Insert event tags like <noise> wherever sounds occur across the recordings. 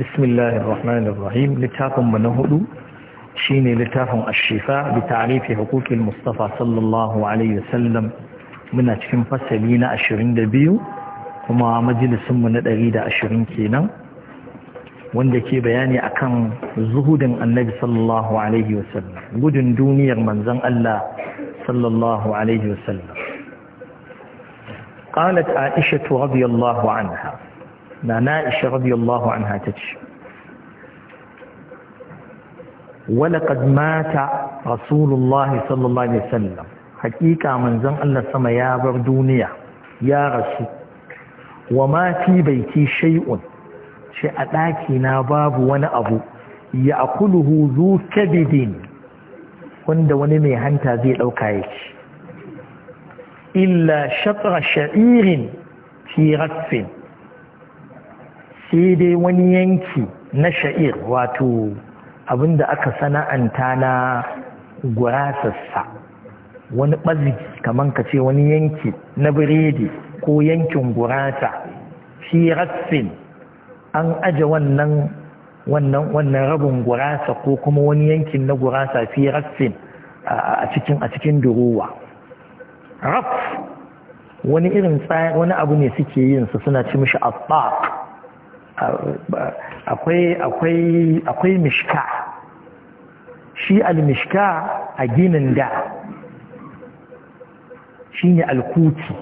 bismillah ar-rahman ar-rahim na hudu shine littafin ash-shifa bi ta'rifi huquqil mustafa sallallahu alaihi wasallam muna cikin fasali na 22 kuma majalisin mu na 120 kenan wanda ke bayani akan zuhudin annabi sallallahu alaihi wasallam gudun duniyar manzon Allah sallallahu alaihi wasallam قالت عائشه رضي الله عنها Na'isha na’ishi rabi Allah an hatici. Walakad mata Rasulullah sallallahu Alaihi wasallam hakika manzan Allah sama ya bar duniya ya rasu, wa ma fi baiti shay'un ce a ɗaki na babu wani abu, ya akuluhu zu kabidin wanda wani mai hanta zai ɗauka ya ci. Illa shaƙar sha’irin fi sai dai wani yanki na sha'ir wato abinda aka sana'anta na gurasarsa wani ɓazi kamar ka ce wani yanki na biredi ko yankin gurasa fi rassin an aje wannan wannan wannan rabin gurasa ko kuma wani yankin na gurasa fi rassin a cikin a cikin durowa raf wani irin wani abu ne suke yin su suna ci mishi asbaq akwai mishka shi al-mishka a ginin da shine alkuki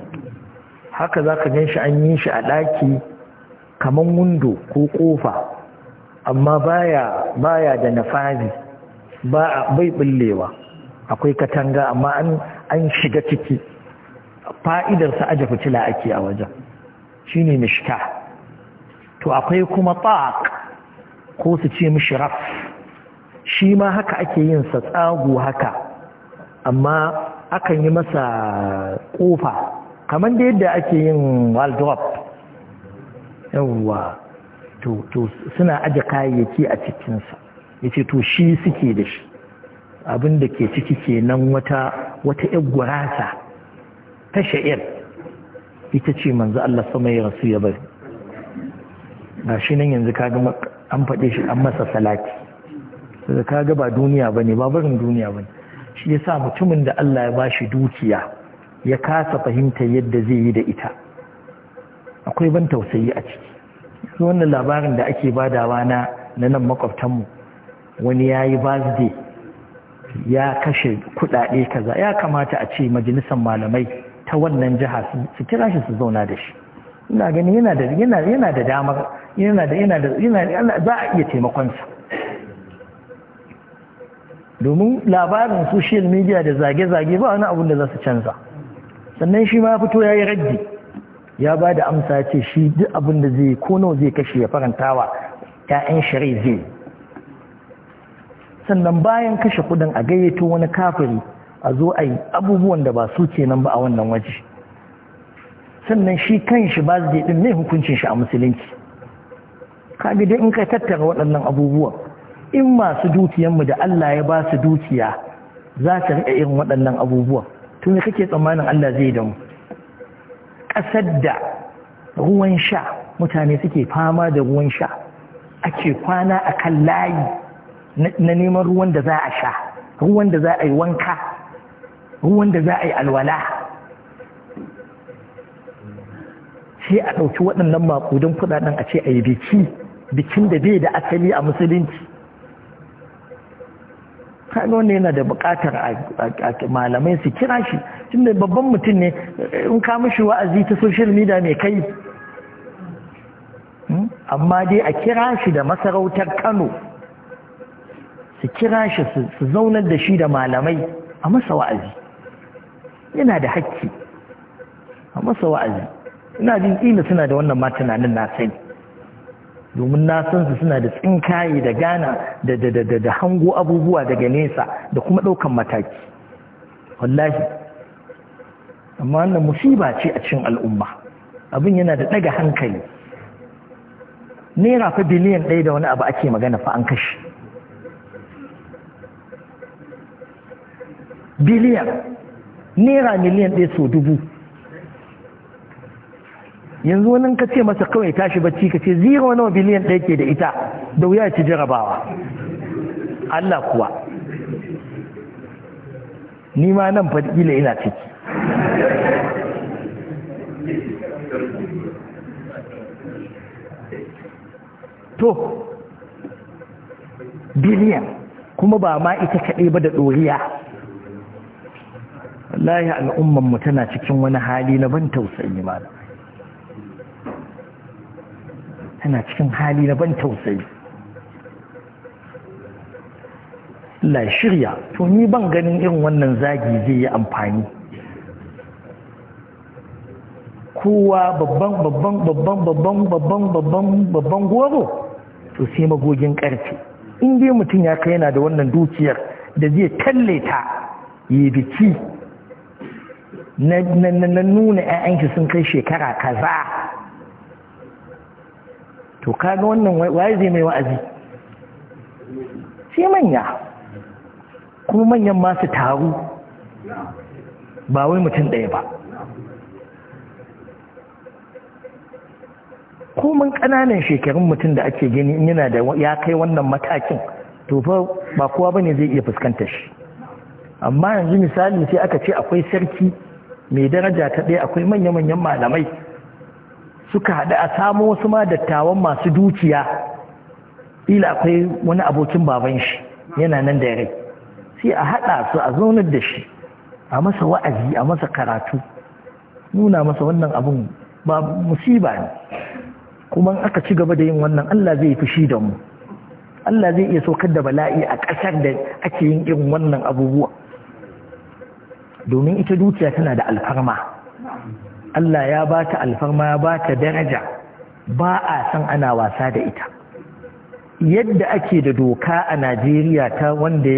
haka zaka gan shi an yi shi a ɗaki kaman wundo ko ƙofa amma baya da nafazi ba bai bullewa akwai katanga amma an an shiga ciki fa'idarsa aje fitila ake a wajen shine mishka to akwai kuma taq ko su ce mishi raf shi ma haka ake yin sa tsago haka amma akan yi masa kofa kamar da yadda ake yin waldrop yawwa to suna aje kayayyaki a cikinsa ya ce to shi suke da shi abin da ke ciki kenan wata wata ‘yar gurasa ta sha'ir ita ce manzo Allah sama ya rasu ya bari ga shi nan yanzu kaga an faɗe shi an masa salati da kaga ba duniya ba ne ba barin duniya ba ne shi ya sa mutumin da Allah ya bashi dukiya ya kasa fahimta yadda zai yi da ita akwai ban tausayi a ciki yanzu wannan labarin da ake ba da wana na nan makwabtanmu wani ya yi birthday ya kashe kuɗaɗe kaza ya kamata a ce majalisar malamai ta wannan jiha su kira shi su zauna da shi ina gani yana da yana yana da damar yana da yana da yana za a iya taimakon sa domin labarin social media da zage-zage ba wani abun da za su canza sannan shi ma fito ya yi raddi ya ba da amsa ce shi duk abin da zai ko nawa zai kashe ya farantawa ‘ya'yan shari zai sannan bayan kashe kudin a gayyato wani kafiri a zo a yi abubuwan da ba su kenan ba a wannan waje sannan shi kan shi zai din ne hukuncin shi a musulunci kaga dai in ka tattara waɗannan abubuwan in masu dukiyanmu da Allah ya ba su dukiya za ta riƙa irin waɗannan abubuwan tun da kake tsammanin Allah zai da mu ƙasar da ruwan sha mutane suke fama da ruwan sha ake kwana a kan layi na neman ruwan da za a sha ruwan da za a yi wanka ruwan da za a yi alwala sai a ɗauki waɗannan makudan kuɗaɗen a ce a yi biki bikin da bai da asali a musulunci Kano ne yana da buƙatar malamai su kira shi da babban mutum ne in ka wa'azi ta social media mai kai hmm? amma dai a kira shi da masarautar kano su kira shi su zaunar da shi da malamai a masa wa'azi yana da hakki a masa wa'azi ina jin kila suna da wannan matunanin na sani domin na san su suna da tsinkaye da gana da da da da hango abubuwa daga nesa da kuma ɗaukan mataki wallahi amma wannan musiba ce a cikin al'umma abin yana da ɗaga hankali naira fa biliyan ɗaya da wani abu ake magana fa an kashe biliyan naira miliyan ɗaya so dubu yanzu wani ka ce masa kawai tashi bacci ka ce zero nawa biliyan ɗaya ke da ita da wuya ci jarabawa Allah kuwa ni ma nan fadila ina ciki to biliyan kuma ba ma ita kaɗai ba da ɗoriya wallahi mu tana cikin wani hali na ban tausayi malam tana cikin hali na ban tausayi la shirya to ni ban ganin irin wannan zagi zai yi amfani kowa babban babban babban babban babban babban babban goro to sai magogin karfe in dai mutum ya kai yana da wannan dukiyar da zai talle ta yi biki na nuna 'ya'yanki sun kai shekara kaza to kaga wannan waye zai mai wa'azi sai manya kuma manyan masu taru ba wai mutum ɗaya ba komin ƙananan shekarun mutum da ake gani yana da ya kai wannan matakin to ba kowa bane zai iya fuskanta shi amma yanzu misali sai aka ce akwai sarki mai daraja ta ɗaya akwai manya-manyan malamai suka haɗu a samo wasu ma dattawan masu dukiya ila akwai wani abokin baban shi yana nan da rai sai a haɗa su a zaunar da shi a masa wa'azi a masa karatu nuna masa wannan abin ba musiba ne kuma aka ci gaba da yin wannan Allah zai fushi da mu Allah zai iya saukar da bala'i a ƙasar da ake yin irin wannan abubuwa domin ita dukiya tana da alfarma Allah ya baka alfarma ya baka daraja ba a san ana wasa da ita yadda ake da doka a Najeriya ta wanda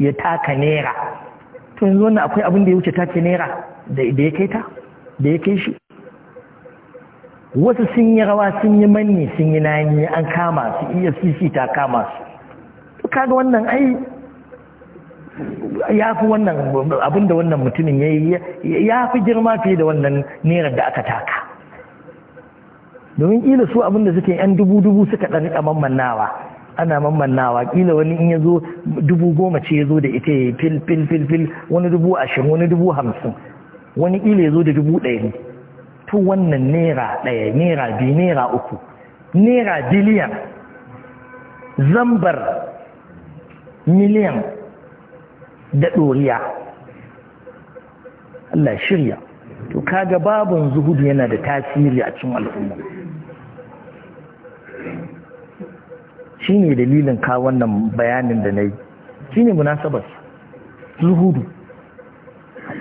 ya taka naira to yanzu wannan akwai abin da ya wuce take naira da ya kai ta da ya kai shi wasu sun yi rawa sun yi manni sun yi nani an kama su iya e sisi ta kama su kaga wannan ai ya fi wannan abin da wannan mutumin ya yi ya fi girma fiye da wannan nera da aka taka domin ƙila su abin da suke yan dubu-dubu suka ɗan mammannawa ana mammannawa ƙila wani in ya zo dubu goma ce ya zo da ita ya fil fil fil fil wani dubu ashirin wani dubu hamsin wani ƙila ya zo da dubu ɗaya to wannan naira ɗaya naira biyu naira uku naira biliyan zambar miliyan da ɗoriya Allah shirya to kaga babin zuhudu yana da tasiri a cikin al'umma shi ne dalilin ka wannan bayanin da na yi shi ne munasabar zuhudu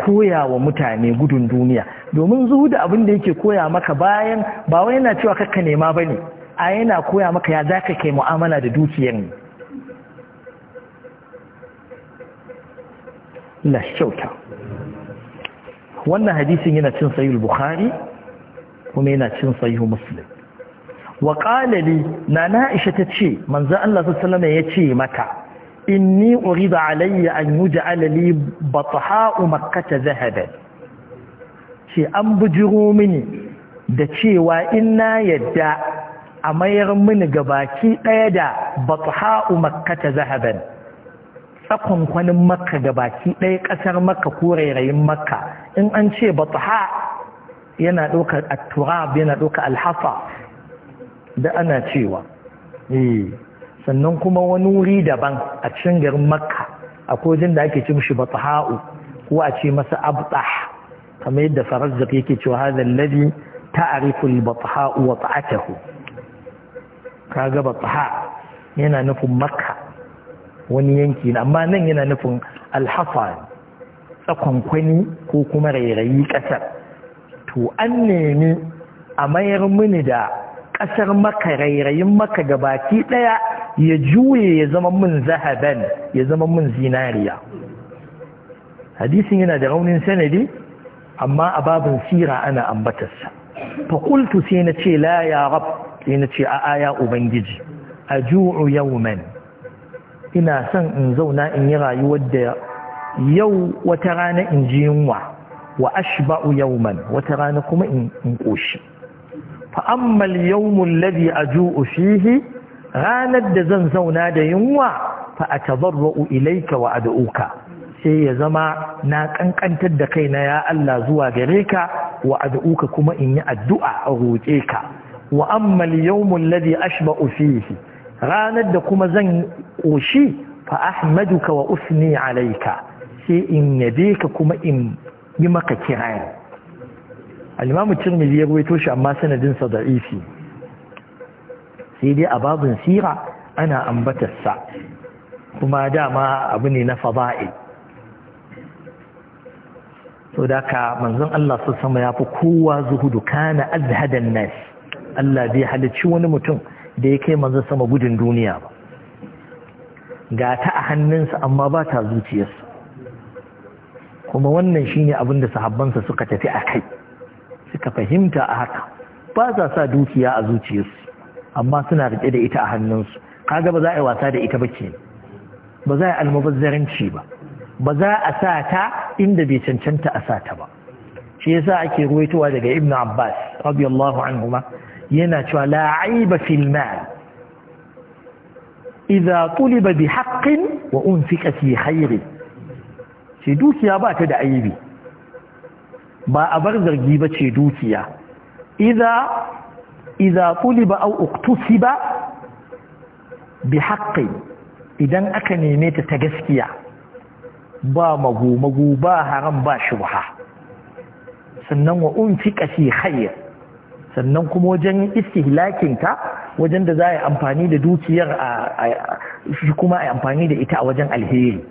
koya wa mutane gudun duniya domin zuhudu abinda yake koya maka bayan ba wai yana cewa kakka nema ba ne a yana koya maka ya zaka kai mu'amala da dukiyar ne na kyauta wannan hadisin yana cin sahih bukhari kuma yana cin sayi muslim wa qala li nana aisha tace manzo Allah sallallahu alaihi wasallam yace mata inni urida alayya an yuj'ala li batha'u makkah zahaban ce an bujiro mini da cewa in na yadda a mayar mini gabaki ɗaya da batha'u makkah zahaban tsakonkwanin makka gabaki ɗaya ƙasar makka ko rairayin makka in an ce bataha yana ɗauka turab yana ɗauka alhafa da ana cewa eh, sannan kuma wani wuri daban a cikin garin makka a kojin da ake ce mishi bataha'u ko a ce masa abtah kamar yadda farazzaq yake cewa hadha alladhi ta'rifu al-bataha'u wa ta'atuhu kaga bataha yana nufin makka wani yanki na amma nan yana nufin alhafa tsakonkwani ko kuma rairayi ƙasar to an nemi a mayar mini da ƙasar maka rairayin maka gabaki ɗaya ya juye ya zama min zahaban ya zama min zinariya hadisin yana da raunin sanadi amma a babin sira ana ambatarsa fakultu sai na ce la ya rab sai na ce a aya ubangiji a ju'u yawman ina son in zauna in yi rayuwar da yau wata rana in ji yunwa wa ashba'u yawman wata rana kuma in koshi fa ammal yawmul ladhi aju'u fihi ranar da zan zauna da yunwa fa atadarru ilayka wa ad'uka sai ya zama na kankantar da kaina ya Allah zuwa gare ka wa ad'uka kuma in yi addu'a a roƙe ka wa ammal yawmul ladhi ashba'u fihi ranar da kuma zan ƙoshi fa ahmaduka wa usni alaika sai in yabe ka kuma in yi maka kiraya al-imamu tirmidhi ya ruwaito shi amma sanadin sa da'ifi sai dai a babin sira ana ambatar sa kuma dama abu ne na fada'i to da ka manzon Allah su sama ya fi kowa zuhudu kana azhadan nas Allah bai halicci wani mutum da ya kai maza sama gudun duniya ba ga ta a hannunsa amma ba ta zuciyarsa kuma wannan shine abinda da sahabbansa suka tafi a kai suka fahimta a haka ba za sa dukiya a zuciyarsu amma suna riƙe da ita a hannunsu kaga ba za a yi wasa da ita ba ke ba za a yi almubazzaranci ba ba za a sa ta inda bai cancanta a sa ta ba shi yasa ake ruwaitowa daga Ibn abbas radiyallahu anhuma يناتوا لا عيب في المال إذا طلب بحق وأنفك في خير شدوكيا با تدعيبي با أبرزر جيبة شدوكيا إذا إذا طلب أو اقتصب بحق إذا أكني ميت تجسكيا با مغو مغو با هرم با شبحة سنن وأنفك في خير sannan kuma wajen istihlakinta wajen da za a yi amfani da dukiyar shi kuma a yi amfani da ita a wajen alheri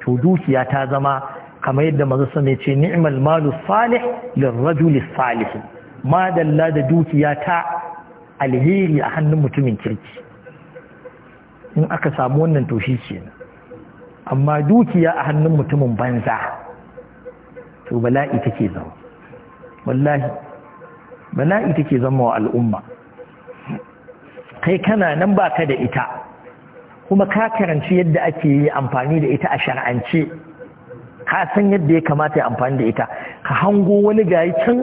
to dukiya ta zama kamar yadda maza sami ce ni'mal malu salih lirrajuli salih ma da dukiya ta alheri a hannun mutumin kirki in aka samu wannan to shi kenan amma dukiya a hannun mutumin banza to bala'i take zama wallahi bala'i take zama wa al'umma kai kana nan ba ka da ita kuma ka karanci yadda ake yi amfani da ita a shar'ance ka san yadda ya kamata ya amfani da ita ka hango wani gayi can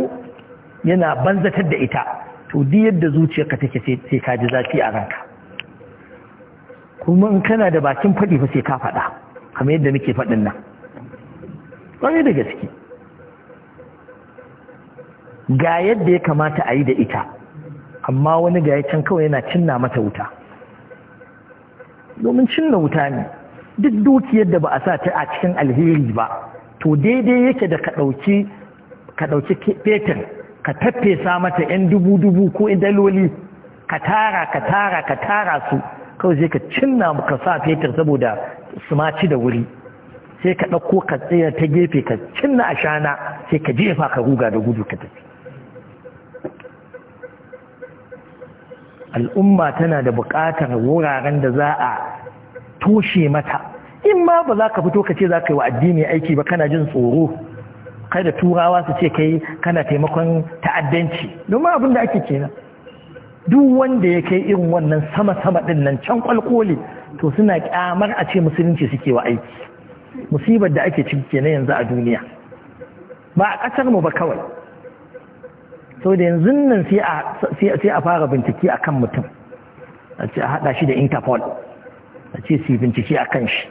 yana banzatar da ita to di yadda zuciyarka take sai ka ji zafi a ranka kuma in kana da bakin faɗi fa sai ka faɗa kamar yadda muke faɗin nan ƙwarai da gaske ga yadda ya kamata a yi da ita amma wani ga ya can kawai yana cinna mata wuta domin cinna wuta ne duk dukiyar da ba a sa ta a cikin alheri ba to daidai yake da ka ɗauki ka ɗauki fetur ka sa mata 'yan dubu-dubu ko idaloli ka tara ka tara ka tara su kawai sai ka cinna ka sa fetur saboda su maci da wuri sai ka ɗauko ka tsaya ta gefe ka cinna a shana sai ka jefa ka ruga da gudu ka tafi al'umma tana da buƙatar wuraren da za a toshe mata in ma ba za ka fito ka ce za ka yi wa addini aiki ba kana jin tsoro kada turawa su ce kai kana taimakon ta'addanci domin abin da ake kenan duk wanda ya kai irin wannan sama-sama din nan can kwalkoli to suna kyamar a ce musulunci suke wa aiki musibar da ake ciki kenan yanzu a duniya ba a ƙasar mu ba kawai sau da yanzu nan sai a fara bincike a kan mutum a ce a haɗa shi da interpol a ce su bincike a kan shi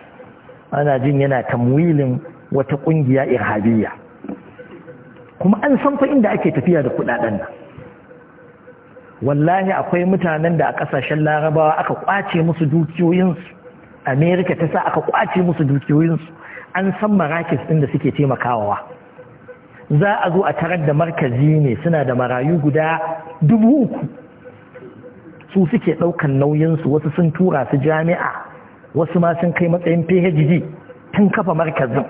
ana jin yana tamwilin wata ƙungiya irhabiya kuma an san fa inda ake tafiya da kuɗaɗen nan wallahi akwai mutanen da a ƙasashen larabawa aka ƙwace musu dukiyoyinsu amerika ta sa aka ƙwace musu dukiyoyinsu an san marakis ɗin da suke taimakawa za a zo a tarar da markazi ne suna da marayu guda dubu uku su suke ɗaukan nauyinsu wasu sun tura su jami'a wasu ma sun kai matsayin phd tun kafa markazin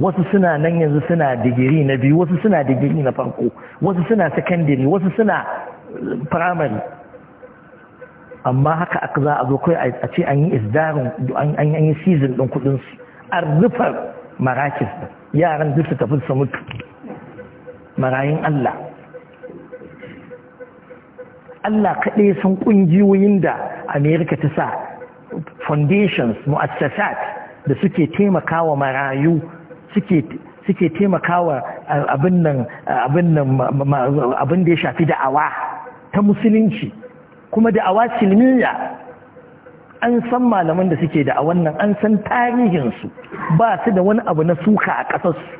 wasu suna nan yanzu suna digiri na biyu wasu suna digiri na farko wasu suna secondary wasu suna eh, primary amma haka aka za a zo kai a ce an yi isdarin an yi season ɗin kuɗinsu an rufa marakin yaran duk su tafi su mutu marayin Allah Allah kaɗai sun ƙungiyoyin da Amerika ta sa foundations mu'assasat da suke taimakawa marayu suke taimakawa abin nan abin da ya shafi da'awa ta musulunci kuma da'awa silmiya an san malaman da suke da a wannan an san tarihinsu ba su da wani abu na suka a ƙasarsu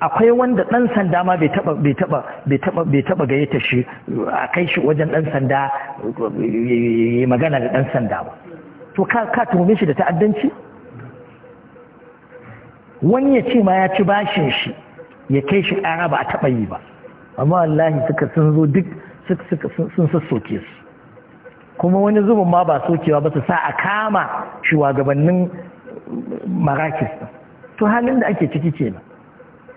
akwai wanda ɗan sanda ma bai taɓa gayyata shi a kai shi wajen ɗan sanda ya magana da ɗan sanda ba to ka tuhume shi da ta'addanci wani ya ce ma ya ci bashin shi ya kai shi ƙara ba a taɓa yi ba amma wallahi suka sun zo duk sun sassoke su kuma wani zubin ma ba sokewa ba su sa a kama shugabannin marakis to halin da ake ciki ce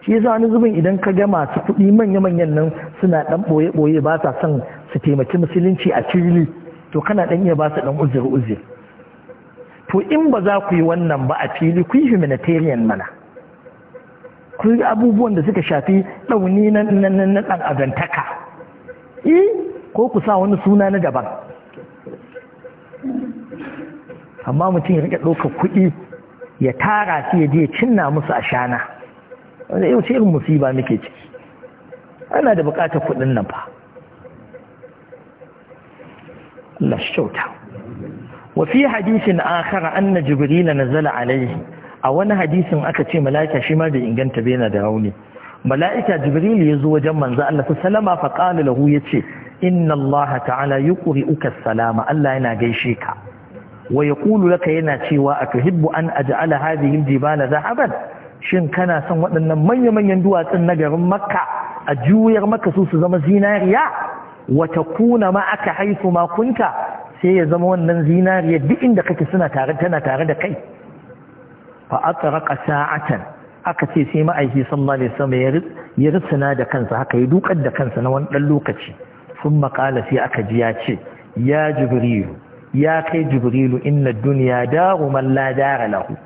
shi yasa wani zubin idan ka ga masu kuɗi manya-manyan nan suna ɗan boye-boye ba sa son su taimaki musulunci a fili to kana ɗan iya ba su ɗan uzir-uzir to in ba za ku yi wannan ba a fili ku yi humanitarian mana ku yi abubuwan da suka shafi ɗauni na ɗan azantaka eh, ko ku sa wani suna na daban amma mutum ya rika ɗaukar kuɗi ya tara su ya je ya cinna musu a shana wanda yau ce irin musiba muke ciki ana da buƙatar kuɗin nan fa Allah shi wa fi hadisin akhara anna jibril nazala alaihi a wani hadisin aka ce mala'ika shi ma bai inganta bai da rauni mala'ika jibril ya zo wajen manzo Allah sallama fa qala lahu yace inna Allah ta'ala yuqri'uka salama Allah yana gaishe ka wa Kulu laka yana cewa atuhibbu an aj'ala hadhihi aljibala zahaban shin kana son waɗannan manya-manyan duwatsun na garin makka a juyar maka su su zama zinariya wa takuna ma aka haifu ma kunta sai ya zama wannan zinariya duk inda kake suna tare tana tare da kai fa atraqa sa'atan aka ce sai ma'aiki sallallahu alaihi wasallam ya rusuna da kansa haka ya dukar da kansa na wani dan lokaci sun makala sai aka ji ya ce ya jibrilu ya kai jibrilu inna duniya daru man la dara lahu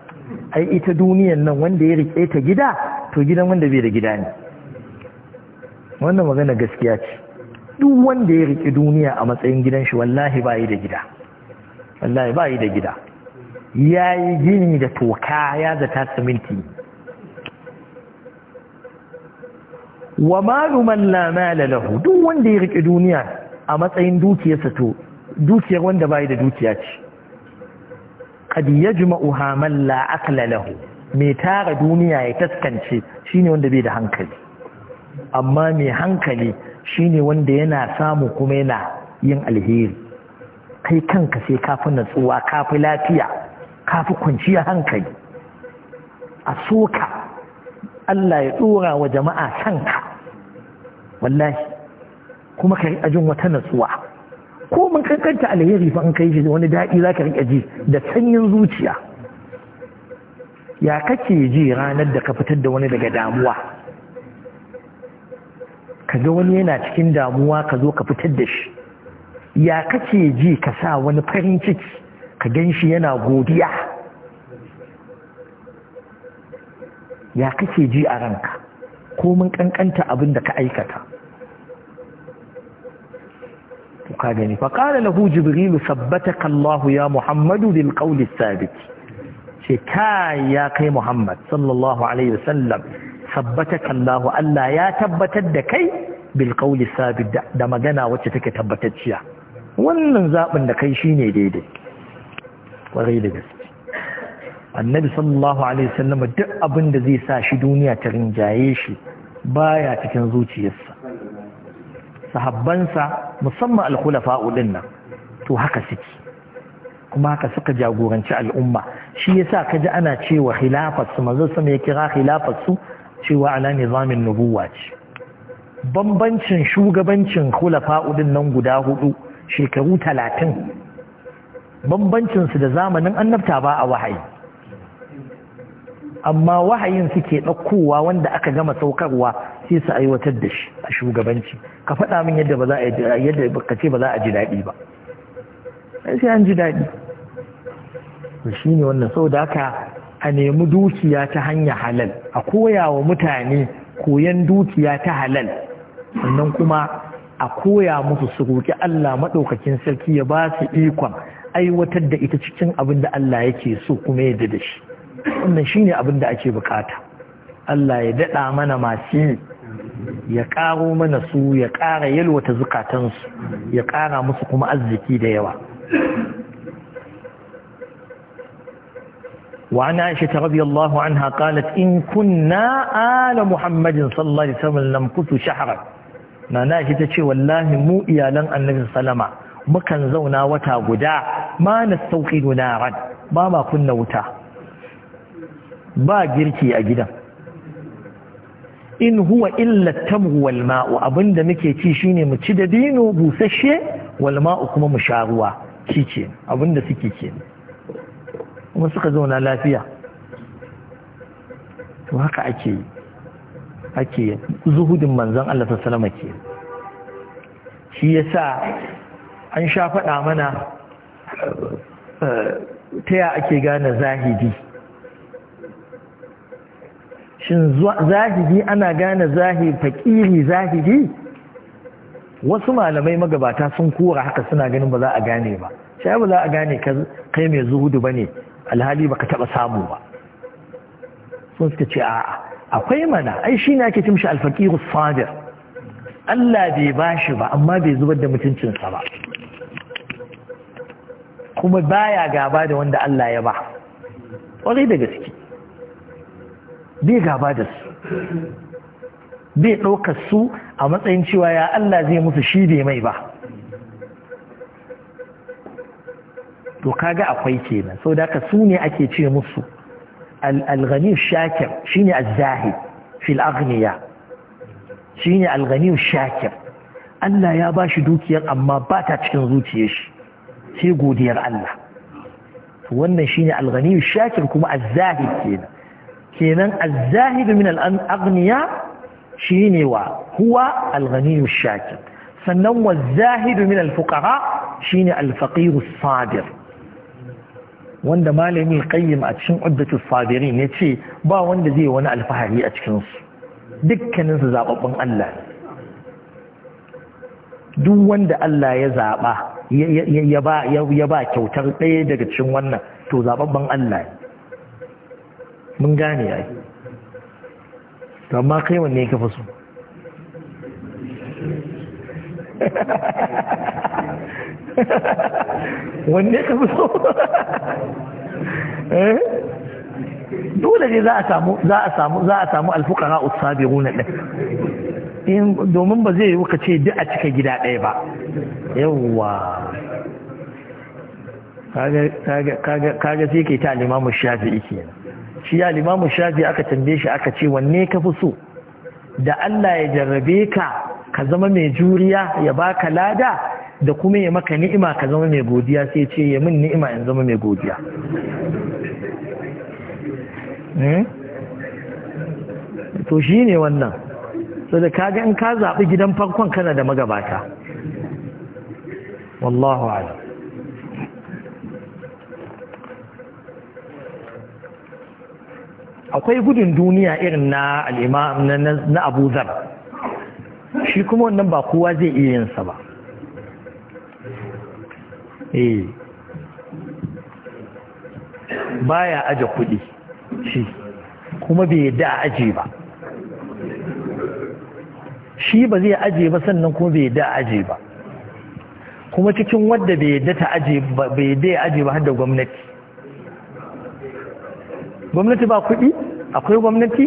ai ita duniyan nan wanda ya rike ta gida to gidan wanda bai da gida ne wannan magana gaskiya ce duk wanda ya rike duniya a matsayin gidan shi wallahi bai da gida wallahi bai da gida ya gini da toka ya zata siminti wa maluman la mala lahu duk wanda ya rike duniya a matsayin dukiyarsa to dukiyar wanda bai da dukiya ce qad yajma'uha man la akla lahu mai tara duniya ya taskance shine wanda bai da hankali amma mai hankali shine wanda yana samu kuma yana yin alheri kai kanka sai kafi natsuwa kafi lafiya kafi kwanciyar hankali a soka Allah ya dora wa jama'a sanka wallahi kuma ka jin wata natsuwa ko mun kankanta alheri fa an kai shi wani daɗi za ka riƙa ji da sanyin zuciya ya kake ji ranar da ka fitar da wani daga damuwa ka ga wani yana cikin damuwa ka zo ka fitar da shi ya kake ji ka sa wani farin ciki ka gan shi yana godiya ya kake ji a ranka ko mun kankanta abin da ka aikata ka gani fa qala lahu jibril sabbataka Allah ya Muhammadu bil qawli sabit ce kai ya kai Muhammad sallallahu alaihi wasallam sabbataka Allah Allah ya tabbatar da kai bil qawli sabit da magana wacce take tabbatacciya wannan zaɓin da kai shine daidai kwarai da gaske annabi sallallahu alaihi wasallam duk abin da zai sa shi duniya ta rinjaye shi baya cikin zuciyarsa sahabbansa musamman alkhulafa din nan to haka suke kuma haka suka jagoranci al'umma shi yasa ji ana cewa khilafar su manzo sama ya kira khilafar su cewa ala nizamin nubuwa ce bambancin shugabancin khulafa din nan guda hudu shekaru talatin bambancinsu da zamanin annabta ba a wahayi amma wahayin suke ɗaukowa wanda aka gama saukarwa sai su aiwatar da shi a shugabanci ka faɗa min yadda ba za a yadda ka ce ba za a ji daɗi ba sai an ji daɗi shi ne wannan sau da haka a nemi dukiya ta hanya halal a koya wa mutane koyan dukiya ta halal sannan kuma a koya musu su roƙi Allah maɗaukakin sarki ya ba su ikon aiwatar da ita cikin abin da Allah yake so kuma yadda da shi wannan shine abin da ake bukata Allah ya daɗa mana masu yi ya ƙaro mana su ya ƙara yalwata zukatansu ya ƙara musu kuma arziki da yawa وعن عائشة رضي الله عنها قالت إن كنا آل محمد صلى الله عليه وسلم لم كنت شهرا ما ناشي تشي والله مو إيالا النبي صلى الله عليه وسلم مكان زونا وتا غدا ما نستوقد نارا ما ما كنا وتا ba girki a gidan in huwa illa tamhu wal ma'u abinda muke ci shine mu ci da dino busasshe wal ma'u kuma mu sha ruwa kike abinda suke ce kuma suka zauna lafiya to haka ake yi ake zuhudin manzon Allah sallallahu alaihi ke shi yasa an sha faɗa mana eh, ta ya ake gane zahidi shin Zahiri ana gane zahiri fakiri zahidi wasu malamai magabata sun kora haka suna ganin ba za a gane ba shi ba za a gane kai mai zuhudu ba ne alhali ka taba samu ba sun suka ce a'a akwai mana ai shi ne ake cimshi alfakiru sadir Allah bai bashi ba amma bai zubar da mutuncinsa ba kuma baya gaba da wanda Allah ya ba ƙwarai da gaske bai gaba da su bai ɗaukar su a matsayin cewa ya Allah zai musu shi bai mai ba to kaga akwai kenan sau da ka su ne ake ce musu al-ghani shakir ne az-zahid fil shi ne al-ghani shakir Allah ya ba shi dukiyar amma ba ta cikin zuciyar shi sai godiyar Allah wannan shine al-ghani shakir kuma az-zahid kenan kenan al zahidu min al-aghniya shine wa huwa al-ghaniyu shakir sannan wa zahidu min al-fuqara shine al sadir wanda malami qayyim a cikin uddatu ya ce ba wanda zai wani alfahari a cikin su dukkanin su zababban Allah duk wanda Allah ya zaba ya ba kyautar ɗaya daga cikin wannan to zababban Allah mun gane ai to amma kai wanne ka fi so <laughs> wanne ka fi so <laughs> eh? dole ne za a samu za a samu za a samu in domin ba zai yi ka ce duk a cika gida ɗaya ba yawwa kaga sai ke ta limamu shafi'i kenan shi ya limamu shafi aka tambaye shi aka ce wanne ka fi so da Allah ya jarrabe ka ka zama mai juriya ya baka lada da kuma ya maka ni'ima ka zama mai godiya sai ce ya min ni'ima in zama mai godiya hmm? to shi ne wannan so da kaga in ka zaɓi gidan farkon kana da magabata wallahu alam akwai gudun duniya irin na al'ima na abu zar shi kuma wannan ba kowa zai iya yinsa ba eh baya aje kuɗi shi kuma bai yadda a aje ba shi ba zai aje ba sannan kuma bai yadda a aje ba kuma cikin wadda bai yadda ta aje ba bai yadda ya aje ba har da gwamnati gwamnati ba kuɗi akwai gwamnati